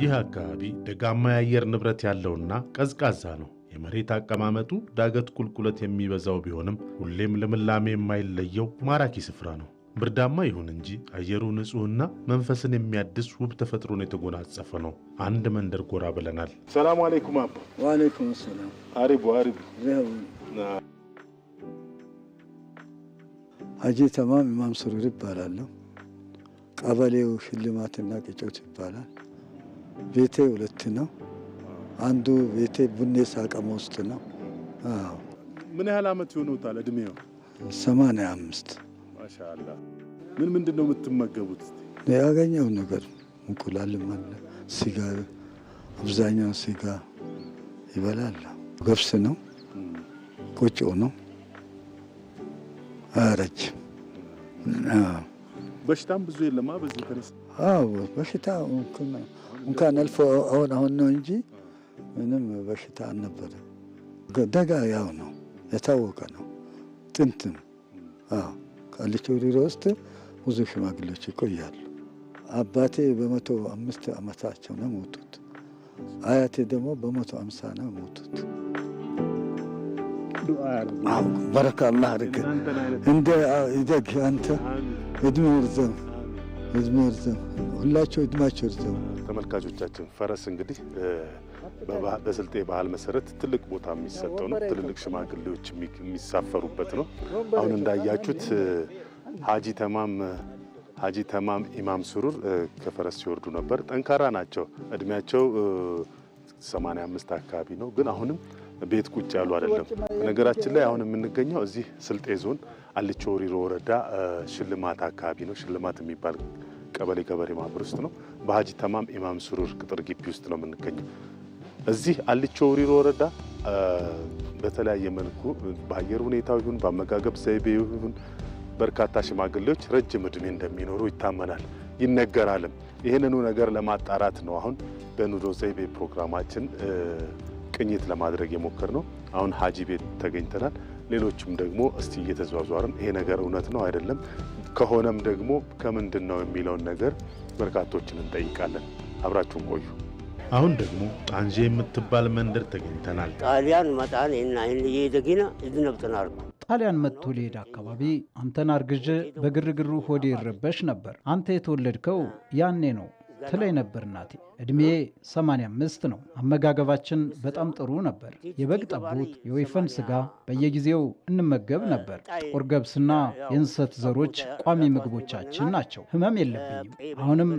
ይህ አካባቢ ደጋማ የአየር ንብረት ያለውና ቀዝቃዛ ነው። የመሬት አቀማመጡ ዳገት ቁልቁለት የሚበዛው ቢሆንም ሁሌም ልምላሜ የማይለየው ማራኪ ስፍራ ነው። ብርዳማ ይሁን እንጂ አየሩ ንጹህና መንፈስን የሚያድስ ውብ ተፈጥሮን የተጎናጸፈ ነው። አንድ መንደር ጎራ ብለናል። ሰላም አሌይኩም አባ። ዋሌይኩም ሰላም። አሪቡ አሪቡ። ሀጂ ተማም ኢማም ይባላለሁ። ቀበሌው ሽልማትና ቅጮት ይባላል። ቤቴ ሁለት ነው። አንዱ ቤቴ ቡኔ ሳቀመ ውስጥ ነው። ምን ያህል አመት ይሆኑታል እድሜው? ሰማንያ አምስት ምን ምንድን ነው የምትመገቡት? ያገኘው ነገር እንቁላልም አለ፣ ስጋ፣ አብዛኛው ስጋ ይበላል። ገብስ ነው፣ ቆጮ ነው። አረጅ በሽታም ብዙ የለማ በዚህ የተነሳ አዎ በሽታ እንኳን አልፎ አሁን አሁን ነው እንጂ ምንም በሽታ አልነበረ። ደጋ ያው ነው የታወቀ ነው ጥንትም። አዎ ቃሊቲ ውሪሮ ውስጥ ብዙ ሽማግሌዎች ይቆያሉ። አባቴ በመቶ አምስት ዓመታቸው ነው ሞቱት። አያቴ ደግሞ በመቶ አምሳ ነው ሞቱት። በረካ አላህ አድርገህ እንደ ይደግ አንተ እድሜ ርዘም እድሜ ሁላቸው እድሜያቸው እርዘም። ተመልካቾቻችን ፈረስ እንግዲህ በስልጤ ባህል መሰረት ትልቅ ቦታ የሚሰጠው ነው። ትልልቅ ሽማግሌዎች የሚሳፈሩበት ነው። አሁን እንዳያችሁት ሀጂ ተማም ሀጂ ተማም ኢማም ስሩር ከፈረስ ሲወርዱ ነበር። ጠንካራ ናቸው። እድሜያቸው 85 አካባቢ ነው፣ ግን አሁንም ቤት ቁጭ ያሉ አይደለም። በነገራችን ላይ አሁን የምንገኘው እዚህ ስልጤ ዞን አልቾ ሪሮ ወረዳ ሽልማት አካባቢ ነው። ሽልማት የሚባል ቀበሌ ገበሬ ማህበር ውስጥ ነው። በሀጂ ተማም ኢማም ስሩር ቅጥር ግቢ ውስጥ ነው የምንገኘው። እዚህ አልቾ ሪሮ ወረዳ በተለያየ መልኩ በአየር ሁኔታው ይሁን በአመጋገብ ዘይቤ ይሁን በርካታ ሽማግሌዎች ረጅም እድሜ እንደሚኖሩ ይታመናል ይነገራልም። ይህንኑ ነገር ለማጣራት ነው አሁን በኑሮ ዘይቤ ፕሮግራማችን ቅኝት ለማድረግ የሞከር ነው። አሁን ሀጂ ቤት ተገኝተናል። ሌሎችም ደግሞ እስቲ እየተዟዟርን ይሄ ነገር እውነት ነው አይደለም፣ ከሆነም ደግሞ ከምንድን ነው የሚለውን ነገር በርካቶችን እንጠይቃለን። አብራችሁን ቆዩ። አሁን ደግሞ ጣንዤ የምትባል መንደር ተገኝተናል። ጣሊያን መጣን ይደጊና አርጉ ጣሊያን መጥቶ ሊሄድ አካባቢ አንተን አርግዤ በግርግሩ ሆዴ ይረበሽ ነበር። አንተ የተወለድከው ያኔ ነው ትለይ ነበር እናቴ። እድሜ 85 ነው። አመጋገባችን በጣም ጥሩ ነበር። የበግ ጠቦት፣ የወይፈን ስጋ በየጊዜው እንመገብ ነበር። ጥቁር ገብስና የእንሰት ዘሮች ቋሚ ምግቦቻችን ናቸው። ህመም የለብኝም። አሁንም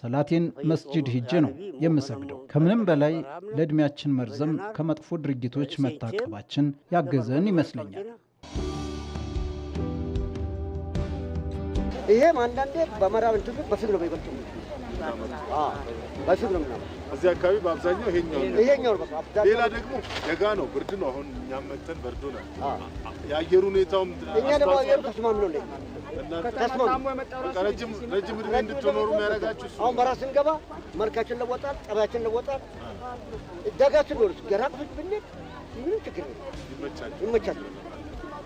ሰላቴን መስጅድ ሂጄ ነው የምሰግደው። ከምንም በላይ ለዕድሜያችን መርዘም ከመጥፎ ድርጊቶች መታቀባችን ያገዘን ይመስለኛል። ይሄም አንዳንዴ በመራብ እንትን በፊት ነው በሱብ ነው ምናምን እዚህ አካባቢ በአብዛኛው ይሄኛው ይሄኛው ነው። ሌላ ደግሞ ደጋ ነው፣ ብርድ ነው። አሁን እኛም መተን ብርዱ ነው። የአየር ሁኔታውም እኛ ደግሞ አየሩ ተስማሚ ነው። ረጅም እድሜ እንድትኖሩ ያደርጋችሁ። አሁን በራስ ስንገባ መልካችን ለወጣል፣ ጠባያችን ለወጣል። ደጋ ስንሆን ገራቅሶች ብንሄድ ምንም ችግር ይመቻል፣ ይመቻል።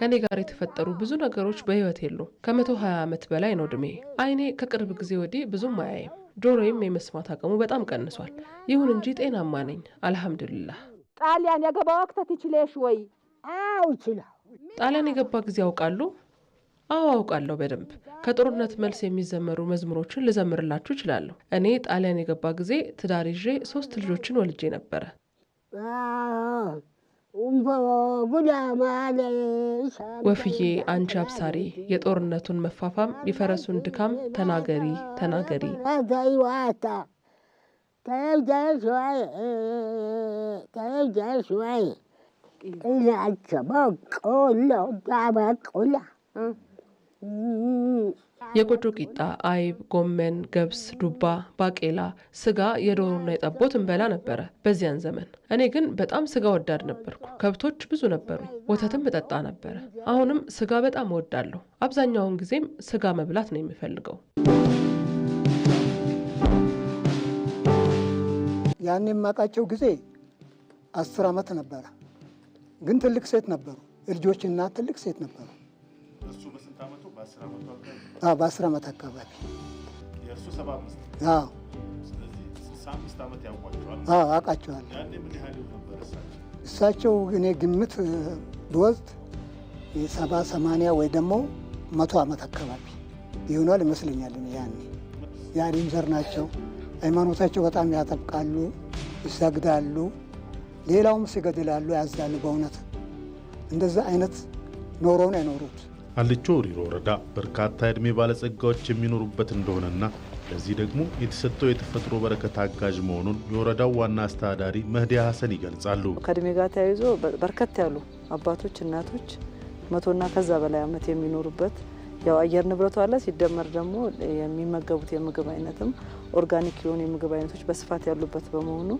ከኔ ጋር የተፈጠሩ ብዙ ነገሮች በህይወት የሉ። ከመቶ ሀያ ዓመት በላይ ነው እድሜ። አይኔ ከቅርብ ጊዜ ወዲህ ብዙም አያይም። ጆሮዬም የመስማት አቅሙ በጣም ቀንሷል። ይሁን እንጂ ጤናማ ነኝ አልሐምዱልላህ። ጣሊያን የገባ ወቅት ትችለሽ ወይ? አዎ ይችላል። ጣሊያን የገባ ጊዜ ያውቃሉ? አዎ አውቃለሁ በደንብ። ከጦርነት መልስ የሚዘመሩ መዝሙሮችን ልዘምርላችሁ እችላለሁ። እኔ ጣሊያን የገባ ጊዜ ትዳር ይዤ ሶስት ልጆችን ወልጄ ነበረ። ወፍዬ አንቺ አብሳሪ የጦርነቱን መፋፋም የፈረሱን ድካም ተናገሪ ተናገሪ። የቆጮ ቂጣ፣ አይብ፣ ጎመን፣ ገብስ፣ ዱባ፣ ባቄላ፣ ስጋ፣ የዶሮና የጠቦት እንበላ ነበረ በዚያን ዘመን። እኔ ግን በጣም ስጋ ወዳድ ነበርኩ። ከብቶች ብዙ ነበሩ። ወተትም እጠጣ ነበረ። አሁንም ስጋ በጣም እወዳለሁ። አብዛኛውን ጊዜም ስጋ መብላት ነው የሚፈልገው። ያን የማውቃቸው ጊዜ አስር ዓመት ነበረ። ግን ትልቅ ሴት ነበሩ። ልጆችና ትልቅ ሴት ነበሩ። እሱ በስንት ዓመቱ? በአስር ዓመቱ አካባቢ። በአስር ዓመት አካባቢ የእርሱ ሰባ አምስት አምስት ዓመት ያውቋቸዋል። ያኔ ምን ያህል ነበር እሳቸው? እሳቸው እኔ ግምት ብወስድ የሰባ ሰማንያ ወይ ደግሞ መቶ ዓመት አካባቢ ይሆኗል ይመስለኛል። ያኔ ዘር ናቸው። ሃይማኖታቸው በጣም ያጠብቃሉ፣ ይሰግዳሉ፣ ሌላውም ሲገድላሉ ያዛሉ። በእውነት እንደዛ አይነት አይኖሩት አልቾ ወሪሮ ወረዳ በርካታ እድሜ ባለጸጋዎች የሚኖሩበት እንደሆነና ለዚህ ደግሞ የተሰጠው የተፈጥሮ በረከት አጋዥ መሆኑን የወረዳው ዋና አስተዳዳሪ መህዲያ ሀሰን ይገልጻሉ። ከእድሜ ጋር ተያይዞ በርከት ያሉ አባቶች፣ እናቶች መቶና ከዛ በላይ ዓመት የሚኖሩበት ያው አየር ንብረቱ አለ። ሲደመር ደግሞ የሚመገቡት የምግብ አይነትም ኦርጋኒክ የሆኑ የምግብ አይነቶች በስፋት ያሉበት በመሆኑ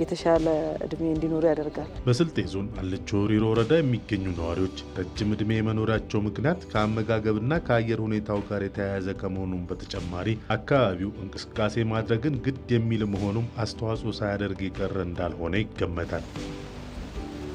የተሻለ እድሜ እንዲኖሩ ያደርጋል። በስልጤ ዞን አለቾ ሪሮ ወረዳ የሚገኙ ነዋሪዎች ረጅም እድሜ የመኖሪያቸው ምክንያት ከአመጋገብና ከአየር ሁኔታው ጋር የተያያዘ ከመሆኑም በተጨማሪ አካባቢው እንቅስቃሴ ማድረግን ግድ የሚል መሆኑም አስተዋጽኦ ሳያደርግ የቀረ እንዳልሆነ ይገመታል።